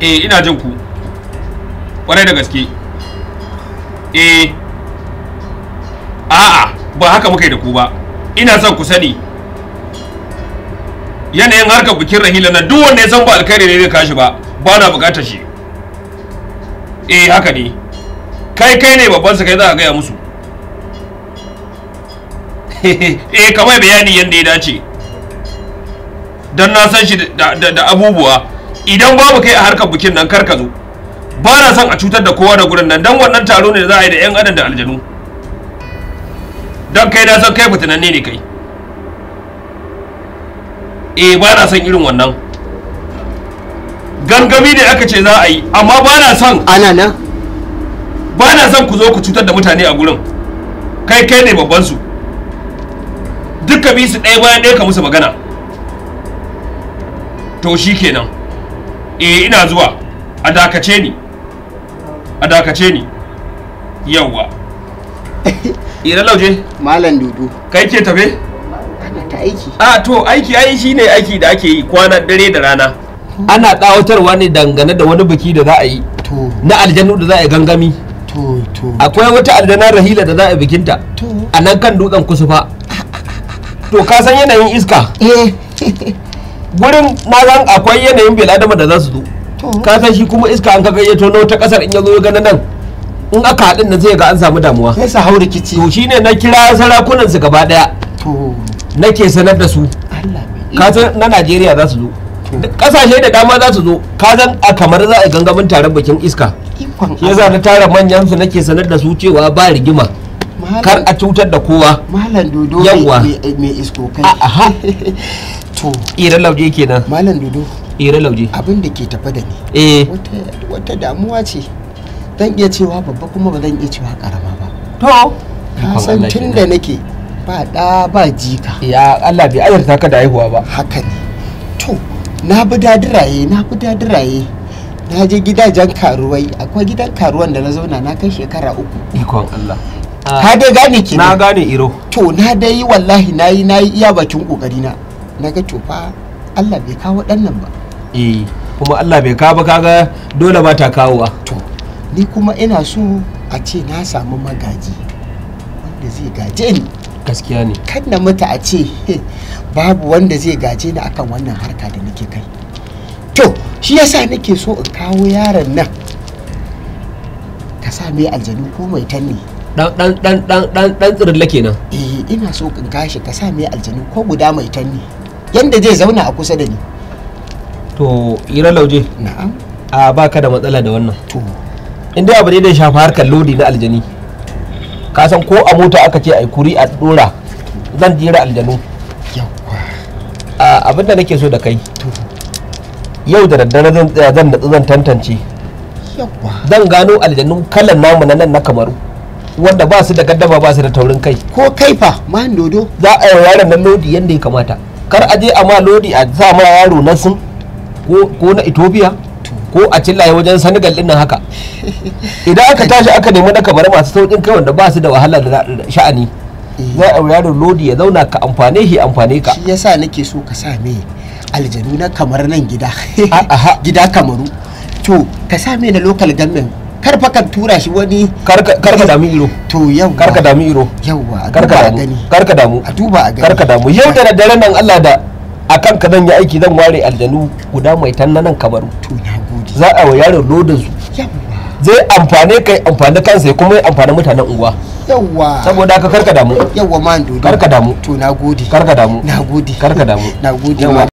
eh ina jin ku kwarai da gaske eh a'a ba haka muka yi da ku ba ina son ku sani yanayin harkar bikin rahila na duk wanda ya san ba alkhairi ne zai kashi ba ba na bukatar shi eh haka ne kai kai ne babban sa kai za a gaya musu eh kamar bayani yadda ya dace don na san shi da abubuwa idan babu kai a harkar bukin nan kar ka zo ba na son a cutar da kowa da gurin nan don wannan taro ne da za a yi da 'yan adam da aljanu don kai na son kai fitinanne ne kai eh ba na son irin wannan gangami ne aka ce za a yi amma ba na son ana nan ba na son ku zo ku cutar da mutane a gurin kai kai ne babban su duka bi su ɗaya bayan ɗaya ka musu magana to shi kenan eh ina zuwa a dakace ni a dakace ni yawwa ira eh, lauje malam dudu kai ke tafe ana ta aiki a ah, to aiki ai shine aiki da ake yi kwana dare da rana ana tsawatarwa ne dangane da wani biki da za a yi na aljanu da za a yi gangami akwai wata aljanar rahila da za a bikinta a nan kan dutsen kusufa to ka san yanayin iska eh. gurin mazan akwai yanayin biladama da za su zo ka san shi kuma iska an kaga ya tono ta kasar in ya zo ga nan in aka haɗin nan zai ga an samu damuwa sai su haura kici to shine na kira sarakunan su gaba daya nake sanar da su ka na Najeriya za su zo kasashe da dama za su zo ka a kamar za a gangamin taron bikin iska ya za na tara manyan su nake sanar da su cewa ba rigima kar a cutar da kowa malam to ira lauje kenan malam dudu ira lauje abin da ke tafa da ni eh wata damuwa ce zan iya cewa babba kuma ba zan iya cewa karama ba to ka san tun da nake ba da ba jika ya Allah bai ayyarta ka da haihuwa ba haka ne to na bi dadiraye na bi dadiraye na je gidajen karuwai akwai gidan karuwan da na zauna na kai shekara uku ikon Allah ka dai gane ki na gane iro to na dai wallahi nayi nayi iya bakin kokari na na ga tufa Allah bai kawo ɗannan ba eh kuma Allah bai kawo ba kaga dole ba ta kawo to ni kuma ina so a ce na samu magaji wanda zai gaje ni gaskiya ne kan na mutu a ce babu wanda zai gaje ni akan wannan harka da nake kai to shi yasa nake so in kawo yaron nan ka sa mai aljanu ko mai tanni dan dan dan dan dan lake nan. eh ina so in kashi ka sa mai aljanu ko guda mai tanni yanda zai zauna a kusa da ni to ira lauje na'am a baka da matsala da wannan to in dai abu ne da shafa harkar lodi na aljani ka san ko a mota aka ce ai kuri a dora zan jira aljanu abin da nake so da kai yau da daddare zan tsaya zan natsu zan tantance zan gano aljanun kalan namu na nan na kamaru wanda ba su da gaddama ba su da taurin kai ko kai fa ma dodo za a yi ware nan lodi yadda ya kamata kar a je a ma lodi a sa ma yaro na sun ko na ethiopia ko a cillaye wajen senegal din nan haka idan aka tashi aka nemi da kamar masu saukin kai wanda ba su da wahala da sha'ani eh. za a yaro lodi ya zauna ka amfane shi amfane ka shi yasa nake so ka sa me aljanu na kamar nan gida gida kamaru to ka sa me na local government kar kan tura shi wani karka ka iro to yau kar ka dami iro yawa kar ka gani karka damu a duba a gani kar ka damu yau da dare nan Allah da akan ka zan yi aiki zan ware aljanu guda mai tanna nan kamaru to gode za a wa yaron lodin su zai amfane kai amfani kansa kuma ya amfani mutanen unguwa yauwa saboda ka karka damu ma an dodo karka damu to nagode karka damu nagode karka damu nagode